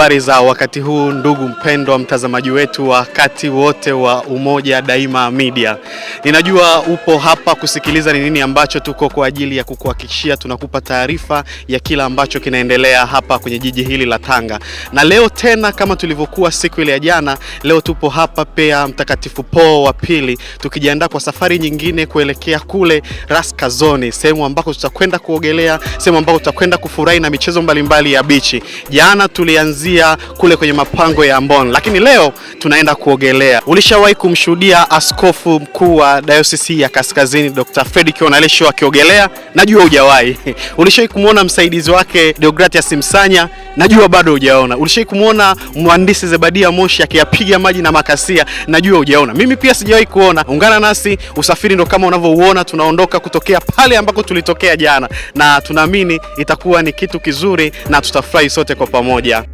Habari za wakati huu ndugu mpendwa mtazamaji wetu wakati wote wa Umoja Daima Media. Ninajua upo hapa kusikiliza ni nini ambacho tuko kwa ajili ya kukuhakikishia tunakupa taarifa ya kila ambacho kinaendelea hapa kwenye jiji hili la Tanga. Na leo tena kama tulivyokuwa siku ile ya jana, leo tupo hapa pia Mtakatifu Paulo wa Pili tukijiandaa kwa safari nyingine kuelekea kule Ras Kazoni, sehemu ambako tutakwenda kuogelea, sehemu ambako tutakwenda kufurahi na michezo mbalimbali mbali ya bichi. Jana tulianzia kuanzia kule kwenye mapango ya Ambon, lakini leo tunaenda kuogelea. Ulishawahi kumshuhudia askofu mkuu wa dayosisi ya Kaskazini Dr. Fredrick Onalesho akiogelea? Najua hujawahi. Ulishawahi kumwona msaidizi wake Deogratias Msanya? Najua bado hujaona. Ulishawahi kumwona mhandisi Zebadia Moshi akiyapiga maji na makasia? Najua hujaona. Mimi pia sijawahi kuona. Ungana nasi, usafiri ndo kama unavyouona. Tunaondoka kutokea pale ambako tulitokea jana, na tunaamini itakuwa ni kitu kizuri na tutafurahi sote kwa pamoja.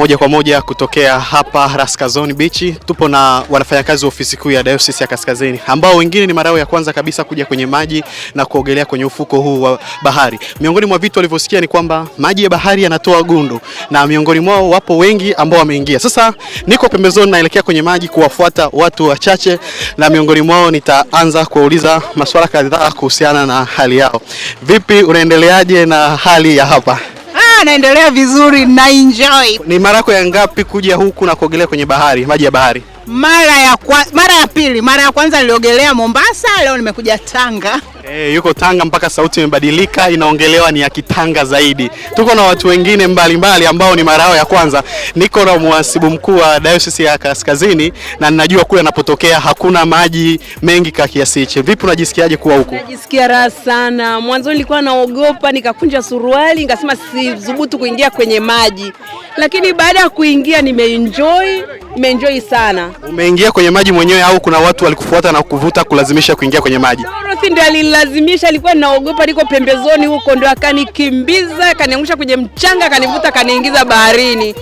Moja kwa moja kutokea hapa Raskazoni Beach, tupo na wanafanyakazi wa ofisi kuu ya Dayosisi ya Kaskazini ambao wengine ni mara ya kwanza kabisa kuja kwenye maji na kuogelea kwenye ufuko huu wa bahari. Miongoni mwa vitu walivyosikia ni kwamba maji ya bahari yanatoa gundu, na miongoni mwao wapo wengi ambao wameingia. Sasa niko pembezoni, naelekea kwenye maji kuwafuata watu wachache, na miongoni mwao nitaanza kuwauliza maswala kadhaa kuhusiana na hali yao. Vipi, unaendeleaje na hali ya hapa? anaendelea vizuri na enjoy. Ni mara yako ya ngapi kuja huku na kuogelea kwenye bahari, maji ya bahari? Mara ya kwa, mara ya pili. Mara ya kwanza niliogelea Mombasa, leo nimekuja Tanga. E, yuko Tanga mpaka sauti imebadilika, inaongelewa ni ya Kitanga zaidi. Tuko na watu wengine mbalimbali mbali ambao ni marao ya kwanza. Niko na mwasibu mkuu wa Dayosisi ya Kaskazini na ninajua kule anapotokea hakuna maji mengi kwa kiasi hicho. Vipi, unajisikiaje kuwa huko? Najisikia raha sana. Mwanzo nilikuwa naogopa, nikakunja suruali, nikasema sidhubutu kuingia kwenye maji, lakini baada ya kuingia nimeenjoy, nimeenjoy sana. Umeingia kwenye maji mwenyewe au kuna watu walikufuata na kukuvuta kulazimisha kuingia kwenye maji? Dorothy ndiye kunilazimisha, alikuwa naogopa, liko pembezoni huko, ndio akanikimbiza, akaniangusha kwenye mchanga, akanivuta, akaniingiza baharini.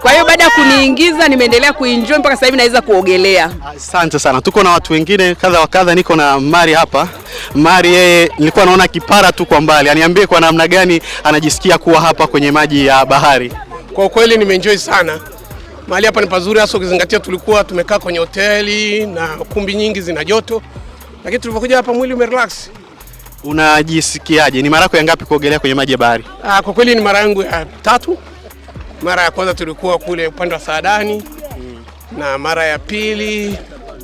Kwa hiyo baada ya kuniingiza nimeendelea kuenjoy mpaka sasa hivi naweza kuogelea. Asante sana. Tuko na watu wengine kadha wa kadha, niko na Mari hapa. Mari yeye nilikuwa naona kipara tu kwa mbali, aniambie kwa namna gani anajisikia kuwa hapa kwenye maji ya bahari. Kwa kweli nimeenjoy sana mahali hapa ni pazuri, hasa ukizingatia tulikuwa tumekaa kwenye hoteli na kumbi nyingi zina joto, lakini tulipokuja hapa mwili umerelax. Unajisikiaje? Ni mara yako ya ngapi kuogelea kwenye maji ya bahari? Ah, kwa kweli ni mara yangu ya tatu. Mara ya kwanza tulikuwa kule upande wa Saadani mm. na mara ya pili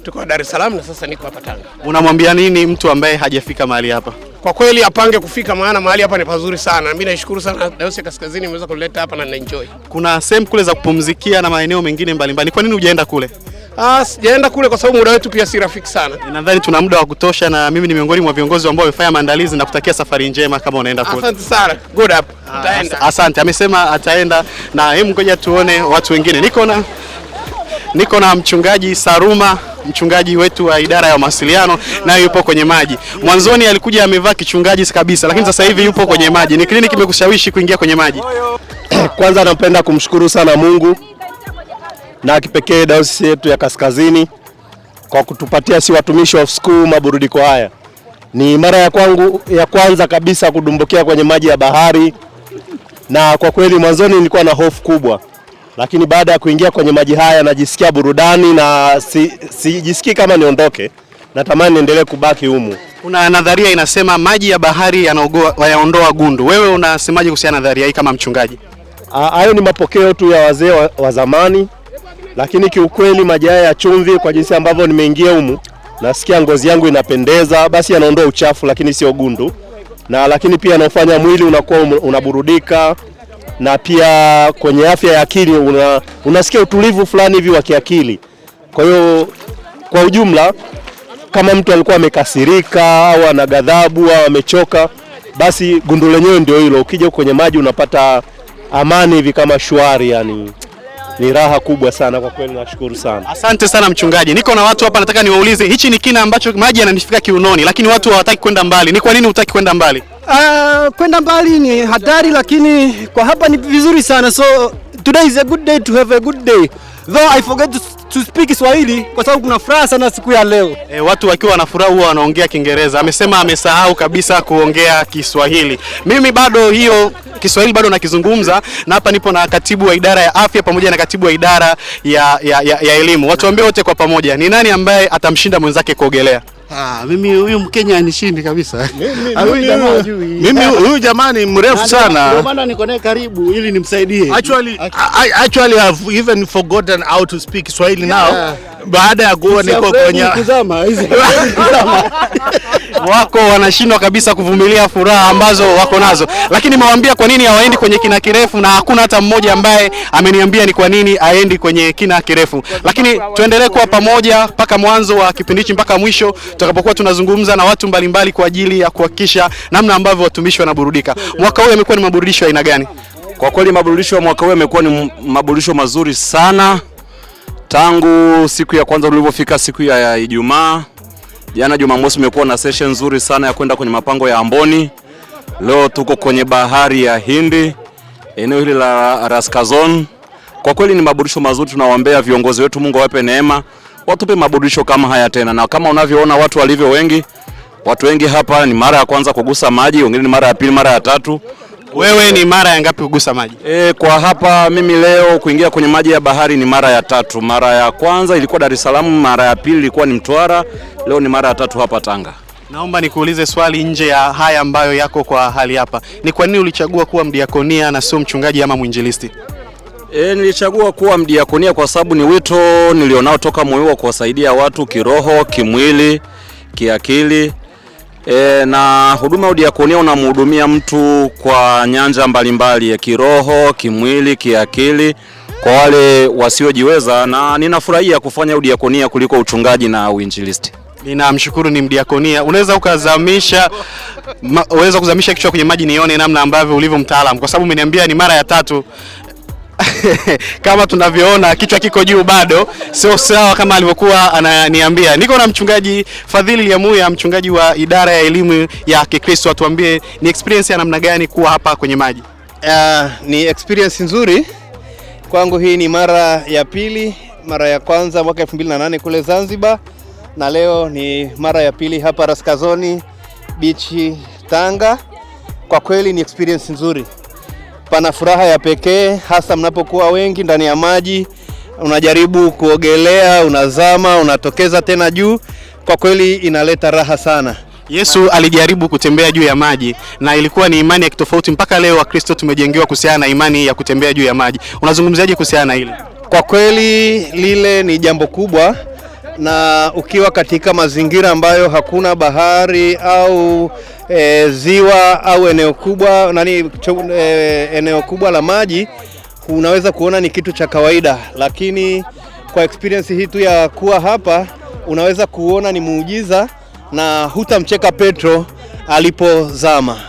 tuko Dar es Salaam na sasa niko hapa Tanga. Unamwambia nini mtu ambaye hajafika mahali hapa? Kwa kweli apange kufika, maana mahali hapa ni pazuri sana. Mimi naishukuru sana Dayosisi Kaskazini imeweza kuleta hapa na ninaenjoy. Kuna sehemu kule za kupumzikia na maeneo mengine mbalimbali, kwa nini hujaenda kule? Ah, sijaenda kule kwa sababu muda wetu pia si rafiki sana. Nadhani tuna muda wa kutosha, na mimi ni miongoni mwa viongozi ambao wamefanya maandalizi na kutakia safari njema kama unaenda kule. Asante sana. Good up. Ataenda. Ah, asante. Amesema ataenda na hebu ngoja tuone watu wengine. Niko na niko na mchungaji Saruma, mchungaji wetu wa idara ya mawasiliano, naye yupo kwenye maji. Mwanzoni alikuja amevaa kichungaji kabisa, lakini sasa hivi yupo kwenye maji. Ni kliniki imekushawishi kuingia kwenye maji? Kwanza napenda kumshukuru sana Mungu na kipekee dayosisi yetu ya Kaskazini kwa kutupatia si watumishi wa school maburudiko haya. Ni mara ya kwangu ya kwanza kabisa kudumbukia kwenye maji ya bahari, na kwa kweli mwanzoni nilikuwa na hofu kubwa, lakini baada ya kuingia kwenye maji haya najisikia burudani na sijisikii si kama niondoke, natamani niendelee kubaki humu. Kuna nadharia inasema maji ya bahari yaondoa gundu, wewe unasemaje kuhusiana na nadharia hii kama mchungaji? Ah, hayo ni mapokeo tu ya wazee wa, wa zamani lakini kiukweli maji haya ya chumvi, kwa jinsi ambavyo nimeingia humu, nasikia ngozi yangu inapendeza. Basi yanaondoa uchafu, lakini sio gundu, na lakini pia yanaofanya mwili unakuwa unaburudika, na pia kwenye afya ya akili una, unasikia utulivu fulani hivi wa kiakili. Kwa hiyo kwa ujumla, kama mtu alikuwa amekasirika au ana ghadhabu au amechoka, basi gundu lenyewe ndio hilo. Ukija kwenye maji unapata amani hivi kama shwari yani ni raha kubwa sana kwa kweli, nashukuru sana. Asante sana mchungaji. Niko na watu hapa, nataka niwaulize, hichi ni kina ambacho maji yananifika kiunoni, lakini watu hawataki kwenda mbali. Ni kwa nini hutaki kwenda mbali? Uh, kwenda mbali ni hatari, lakini kwa hapa ni vizuri sana. So today is a good day to have a good day though I forget to tuspiki Swahili kwa sababu kuna furaha sana siku ya leo. E, watu wakiwa na furaha huwa wanaongea Kiingereza. Amesema amesahau kabisa kuongea Kiswahili. Mimi bado hiyo Kiswahili bado nakizungumza, na hapa nipo na katibu wa idara ya afya pamoja na katibu wa idara ya, ya, ya, ya elimu. Watuambie wote kwa pamoja, ni nani ambaye atamshinda mwenzake kuogelea? Ah, mimi huyu Mkenya anishindi kabisa. Ah, mimi huyu jamani mrefu sana. Ndio maana niko naye karibu ili nimsaidie. Actually I actually have even forgotten how to speak Swahili now. Baada ya kuwa niko kwenye kuzama hizi. wako wanashindwa kabisa kuvumilia furaha ambazo wako nazo, lakini nimewaambia kwa nini hawaendi kwenye kina kirefu, na hakuna hata mmoja ambaye ameniambia ni kwa nini aendi kwenye kina kirefu. Lakini tuendelee kuwa pamoja mpaka mwanzo wa kipindi hichi mpaka mwisho tutakapokuwa tunazungumza na watu mbalimbali kwa ajili ya kuhakikisha namna ambavyo watumishi wanaburudika. Mwaka huu amekuwa ni maburudisho aina gani? Kwa kweli maburudisho ya mwaka huu yamekuwa ni maburudisho mazuri sana, tangu siku ya kwanza ulivyofika siku ya Ijumaa Jana Jumamosi imekuwa na session nzuri sana ya kwenda kwenye mapango ya Amboni. Leo tuko kwenye bahari ya Hindi, eneo hili la Raskazon. Kwa kweli ni maburudisho mazuri, tunawaombea viongozi wetu, Mungu awape neema, watupe maburudisho kama haya tena. Na kama unavyoona watu walivyo wengi, watu wengi hapa ni mara ya kwanza kugusa maji, wengine ni mara ya pili, mara ya tatu. Wewe ni mara ya ngapi kugusa maji? E, kwa hapa mimi leo kuingia kwenye maji ya bahari ni mara ya tatu. Mara ya kwanza ilikuwa Dar es Salaam, mara ya pili ilikuwa ni Mtwara, leo ni mara ya tatu hapa Tanga. Naomba nikuulize swali nje ya haya ambayo yako kwa hali hapa. Ni kwa nini ulichagua kuwa mdiakonia na sio mchungaji ama mwinjilisti? E, nilichagua kuwa mdiakonia kwa sababu ni wito nilionao toka moyo wa kuwasaidia watu kiroho, kimwili, kiakili E, na huduma ya diakonia unamhudumia mtu kwa nyanja mbalimbali ya kiroho, kimwili, kiakili kwa wale wasiojiweza, na ninafurahia kufanya udiakonia kuliko uchungaji na uinjilisti. Ninamshukuru ni mdiakonia. Unaweza ukazamisha unaweza kuzamisha kichwa kwenye maji nione namna ambavyo ulivyo mtaalamu, kwa sababu umeniambia ni mara ya tatu kama tunavyoona kichwa kiko juu bado, sio sawa kama alivyokuwa ananiambia. Niko na mchungaji Fadhili Lyamuya, mchungaji wa idara ya elimu ya Kikristo. Atuambie ni experience ya namna gani kuwa hapa kwenye maji? Uh, ni experience nzuri kwangu. Hii ni mara ya pili, mara ya kwanza mwaka 2008 kule Zanzibar, na leo ni mara ya pili hapa Raskazoni Beach Tanga. Kwa kweli ni experience nzuri pana furaha ya pekee, hasa mnapokuwa wengi ndani ya maji, unajaribu kuogelea, unazama, unatokeza tena juu. Kwa kweli inaleta raha sana. Yesu alijaribu kutembea juu ya maji na ilikuwa ni imani ya kitofauti. Mpaka leo Wakristo tumejengewa kuhusiana na imani ya kutembea juu ya maji. Unazungumziaje kuhusiana na hili? Kwa kweli lile ni jambo kubwa na ukiwa katika mazingira ambayo hakuna bahari au e, ziwa au eneo kubwa nani e, eneo kubwa la maji, unaweza kuona ni kitu cha kawaida, lakini kwa experience hii tu ya kuwa hapa unaweza kuona ni muujiza na hutamcheka Petro alipozama.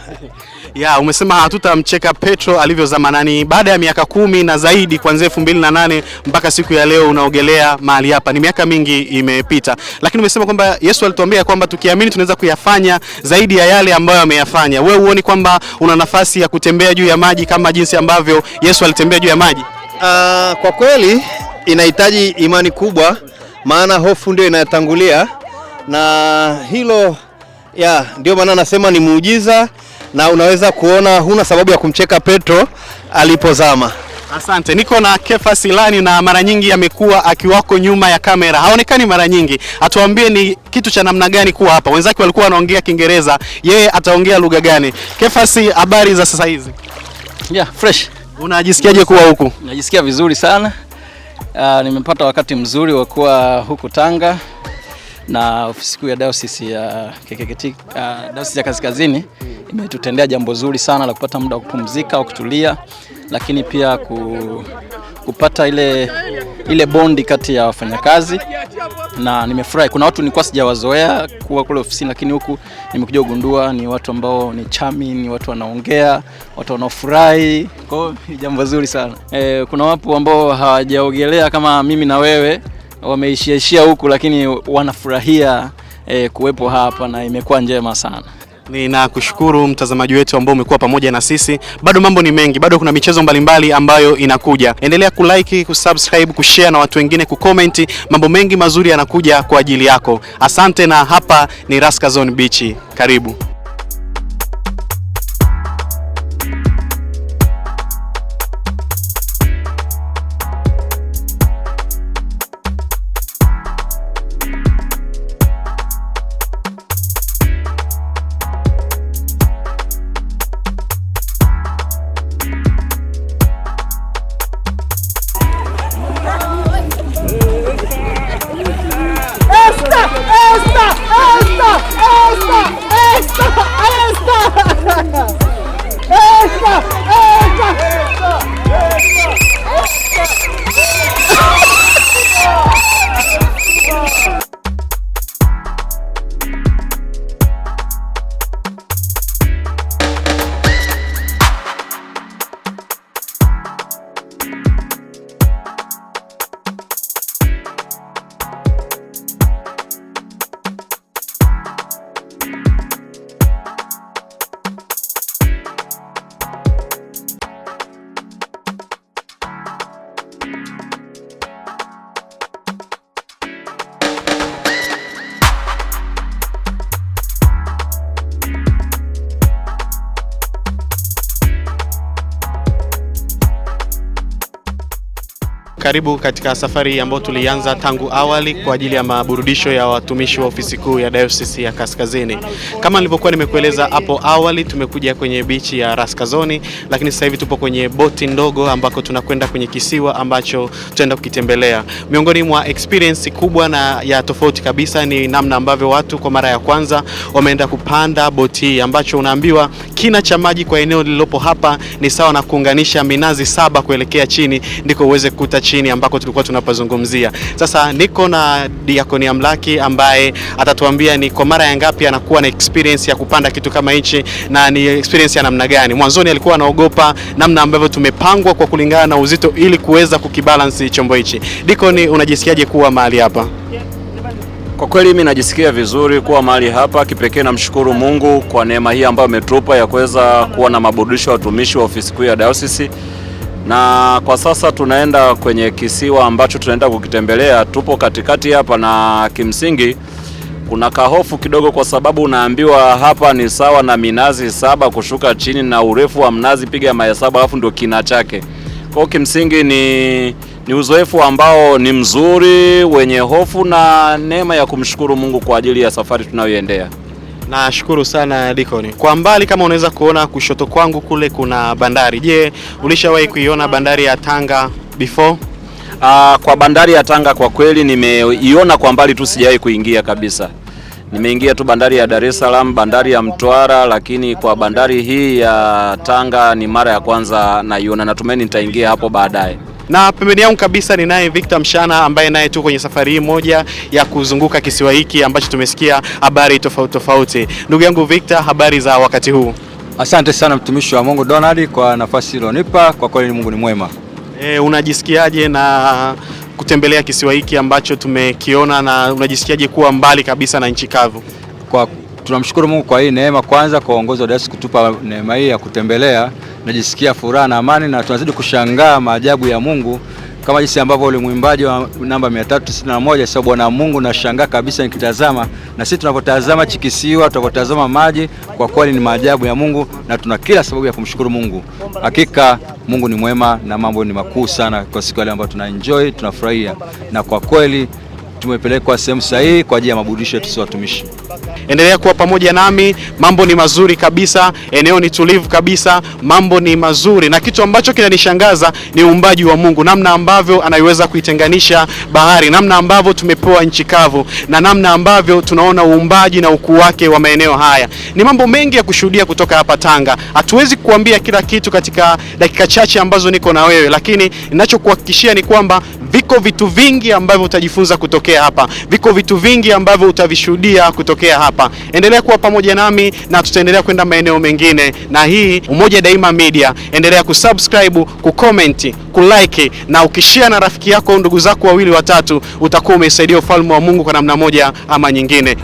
Ya, umesema hatutamcheka Petro alivyozamanani. Baada ya miaka kumi na zaidi kuanzia elfu mbili na nane mpaka siku ya leo unaogelea mahali hapa, ni miaka mingi imepita, lakini umesema kwamba Yesu alituambia kwamba tukiamini tunaweza kuyafanya zaidi ya yale ambayo ameyafanya. Wewe huoni kwamba una nafasi ya kutembea juu ya maji kama jinsi ambavyo Yesu alitembea juu ya maji? Uh, kwa kweli inahitaji imani kubwa, maana hofu ndio inayotangulia na hilo ya ndio maana nasema ni muujiza na unaweza kuona huna sababu ya kumcheka Petro alipozama. Asante. Niko na Kefa Silani na mara nyingi amekuwa akiwako nyuma ya kamera, haonekani mara nyingi. Atuambie ni kitu cha namna gani kuwa hapa? Wenzake walikuwa wanaongea Kiingereza, yeye ataongea lugha gani? Kefasi, habari za sasa hizi? Yeah, fresh. Unajisikiaje kuwa huku? Najisikia vizuri sana. Uh, nimepata wakati mzuri wa kuwa huku Tanga na ofisi kuu ya dayosisi ya KKKT uh, dayosisi ya Kaskazini imetutendea jambo zuri sana la kupata muda wa kupumzika au kutulia, lakini pia ku, kupata ile, ile bondi kati ya wafanyakazi na nimefurahi. Kuna watu nilikuwa sijawazoea kuwa kule ofisini, lakini huku nimekuja kugundua ni watu ambao ni chami, ni watu wanaongea, watu wanaofurahi. Kwa hiyo ni jambo zuri sana. E, kuna wapo ambao hawajaogelea kama mimi na wewe wameishiaishia huku, lakini wanafurahia e, kuwepo hapa na imekuwa njema sana. Ninakushukuru mtazamaji wetu ambao umekuwa pamoja na sisi. Bado mambo ni mengi, bado kuna michezo mbalimbali ambayo inakuja. Endelea kulike, kusubscribe, kushare na watu wengine kucomment. Mambo mengi mazuri yanakuja kwa ajili yako. Asante, na hapa ni Raskazone Beach. Karibu. Karibu katika safari ambayo tulianza tangu awali kwa ajili ya maburudisho ya watumishi wa ofisi kuu ya Dayosisi ya Kaskazini. Kama nilivyokuwa nimekueleza hapo awali, tumekuja kwenye bichi ya Raskazoni, lakini sasa hivi tupo kwenye boti ndogo ambako tunakwenda kwenye kisiwa ambacho tutaenda kukitembelea. Miongoni mwa experience kubwa na ya tofauti kabisa ni namna ambavyo watu kwa mara ya kwanza wameenda kupanda boti hii, ambacho unaambiwa kina cha maji kwa eneo lililopo hapa ni sawa na kuunganisha minazi saba kuelekea chini, ndiko uweze chini chini ambako tulikuwa tunapazungumzia. Sasa niko na Diakoni Amlaki ambaye atatuambia ni kwa mara ya ngapi anakuwa na experience ya kupanda kitu kama hichi na ni experience ya namna gani. Mwanzoni alikuwa anaogopa namna ambavyo tumepangwa kwa kulingana na uzito ili kuweza kukibalance chombo hichi. Diakoni, unajisikiaje kuwa mahali hapa? Kwa kweli mimi najisikia vizuri kuwa mahali hapa. Kipekee namshukuru Mungu kwa neema hii ambayo ametupa ya kuweza kuwa na maburudisho ya watumishi wa ofisi kuu ya dayosisi na kwa sasa tunaenda kwenye kisiwa ambacho tunaenda kukitembelea. Tupo katikati hapa, na kimsingi kuna kahofu kidogo, kwa sababu unaambiwa hapa ni sawa na minazi saba kushuka chini, na urefu wa mnazi piga mahesabu, alafu ndio kina chake. Kwa kimsingi ni, ni uzoefu ambao ni mzuri wenye hofu na neema ya kumshukuru Mungu kwa ajili ya safari tunayoendea. Nashukuru sana Dikoni. Kwa mbali kama unaweza kuona kushoto kwangu kule kuna bandari. Je, ulishawahi kuiona bandari ya Tanga before? Uh, kwa bandari ya Tanga kwa kweli nimeiona kwa mbali tu, sijawahi kuingia kabisa. Nimeingia tu bandari ya Dar es Salaam, bandari ya Mtwara, lakini kwa bandari hii ya Tanga ni mara ya kwanza naiona. Natumaini nitaingia hapo baadaye na pembeni yangu kabisa ninaye Victor Mshana ambaye naye tu kwenye safari hii moja ya kuzunguka kisiwa hiki ambacho tumesikia habari tofauti tofauti. Ndugu yangu Victor, habari za wakati huu? Asante sana mtumishi wa Mungu Donald kwa nafasi ilionipa, kwa kweli Mungu ni mwema. E, unajisikiaje na kutembelea kisiwa hiki ambacho tumekiona na unajisikiaje kuwa mbali kabisa na nchi kavu? Kwa tunamshukuru Mungu kwa hii neema, kwanza kwa uongozi wa dayosisi kutupa neema hii ya kutembelea. Najisikia furaha na amani na tunazidi kushangaa maajabu ya Mungu kama jinsi ambavyo ule mwimbaji wa namba 361 sasa, Bwana Mungu nashangaa kabisa nikitazama, na sisi tunapotazama Chikisiwa, tunapotazama maji, kwa kweli ni maajabu ya Mungu na tuna kila sababu ya kumshukuru Mungu. Hakika Mungu ni mwema na mambo ni makuu sana kwa siku ile ambayo tuna enjoy, tunafurahia na kwa kweli tumepelekwa sehemu sahihi kwa ajili ya maburudisho yetu, si watumishi. Endelea kuwa pamoja nami, mambo ni mazuri kabisa, eneo ni tulivu kabisa, mambo ni mazuri, na kitu ambacho kinanishangaza ni uumbaji wa Mungu, namna ambavyo anaiweza kuitenganisha bahari, namna ambavyo tumepewa nchi kavu na namna ambavyo tunaona uumbaji na ukuu wake wa maeneo haya. Ni mambo mengi ya kushuhudia kutoka hapa Tanga. Hatuwezi kuambia kila kitu katika dakika chache ambazo niko na wewe, lakini ninachokuhakikishia ni kwamba viko vitu vingi ambavyo utajifunza kutoka kutokea hapa. Viko vitu vingi ambavyo utavishuhudia kutokea hapa. Endelea kuwa pamoja nami na tutaendelea kwenda maeneo mengine, na hii Umoja Daima Media. Endelea kusubscribe, kucomment, kulike na ukishia na rafiki yako, ndugu zako wawili watatu, utakuwa umesaidia ufalme wa Mungu kwa namna moja ama nyingine.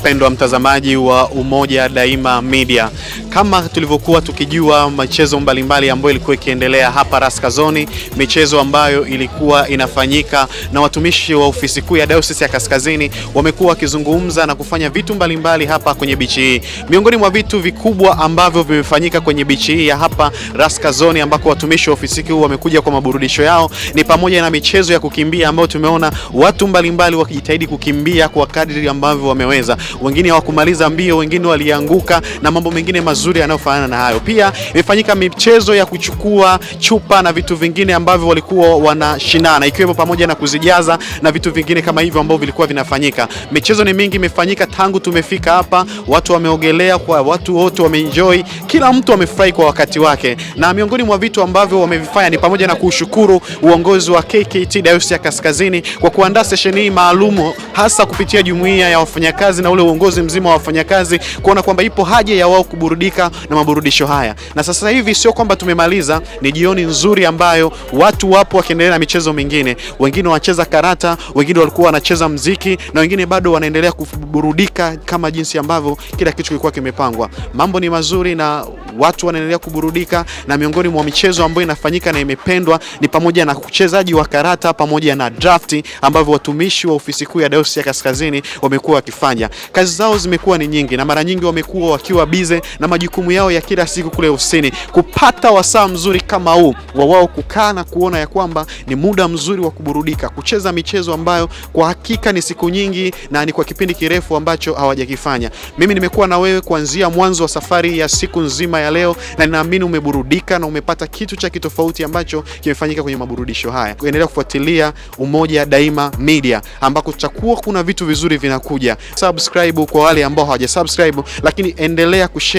mpendwa mtazamaji wa Umoja Daima Media. Kama tulivyokuwa tukijua michezo mbalimbali ambayo ilikuwa ikiendelea hapa Raskazoni, michezo ambayo ilikuwa inafanyika na watumishi wa ofisi kuu ya Dayosisi ya Kaskazini wamekuwa wakizungumza na kufanya vitu mbalimbali mbali hapa kwenye bichi hii. Miongoni mwa vitu vikubwa ambavyo vimefanyika kwenye bichi hii ya hapa Raskazoni, ambako watumishi wa ofisi kuu wamekuja kwa maburudisho yao ni pamoja na michezo ya kukimbia ambayo tumeona watu mbalimbali wakijitahidi kukimbia kwa kadri ambavyo wameweza. Wengine hawakumaliza mbio, wengine walianguka na mambo mengine mazuri mazuri yanayofanana na hayo. Pia imefanyika michezo ya kuchukua chupa na vitu vingine ambavyo walikuwa wanashindana, ikiwemo pamoja na kuzijaza na vitu vingine kama hivyo ambavyo vilikuwa vinafanyika. Michezo ni mingi imefanyika tangu tumefika hapa, watu wameogelea, kwa watu wote wameenjoy, kila mtu amefurahi kwa wakati wake, na miongoni mwa vitu ambavyo wamevifanya ni pamoja na kushukuru uongozi wa KKT Dayosisi ya Kaskazini kwa kuandaa session hii maalumu hasa kupitia jumuiya ya wafanyakazi na ule uongozi mzima wa wafanyakazi kuona kwamba ipo haja ya wao kuburudika kuburudika na maburudisho haya. Na sasa hivi sio kwamba tumemaliza, ni jioni nzuri ambayo watu wapo wakiendelea na michezo mingine, wengine wanacheza karata, wengine walikuwa wanacheza mziki na wengine bado wanaendelea kuburudika kama jinsi ambavyo kila kitu kilikuwa kimepangwa. Mambo ni mazuri na watu wanaendelea kuburudika, na miongoni mwa michezo ambayo inafanyika na imependwa ni pamoja na uchezaji wa karata pamoja na drafti ambavyo watumishi wa ofisi kuu ya Dayosisi ya Kaskazini wamekuwa wakifanya. Kazi zao zimekuwa ni nyingi na mara nyingi wamekuwa wakiwa bize na majukumu yao ya kila siku kule ofisini, kupata wasaa mzuri kama huu wa wao kukaa na kuona ya kwamba ni muda mzuri wa kuburudika, kucheza michezo ambayo kwa hakika ni siku nyingi na ni kwa kipindi kirefu ambacho hawajakifanya. Mimi nimekuwa na wewe kuanzia mwanzo wa safari ya siku nzima ya leo, na ninaamini umeburudika na umepata kitu cha kitofauti ambacho kimefanyika kwenye maburudisho haya. Endelea kufuatilia Umoja Daima Media ambako tutakuwa kuna vitu vizuri vinakuja. Subscribe kwa wale ambao hawajasubscribe, lakini endelea kushare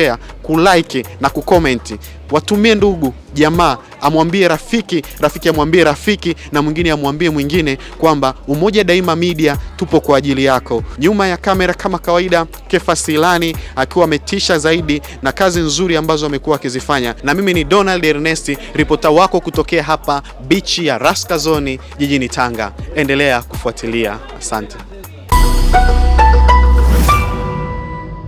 kulike na kukomenti. Watumie ndugu jamaa, amwambie rafiki, rafiki amwambie rafiki, na mwingine amwambie mwingine kwamba Umoja Daima Media tupo kwa ajili yako. Nyuma ya kamera kama kawaida, Kefa Silani akiwa ametisha zaidi na kazi nzuri ambazo amekuwa akizifanya, na mimi ni Donald Ernest, ripota wako kutokea hapa bichi ya Raskazoni jijini Tanga. Endelea kufuatilia, asante.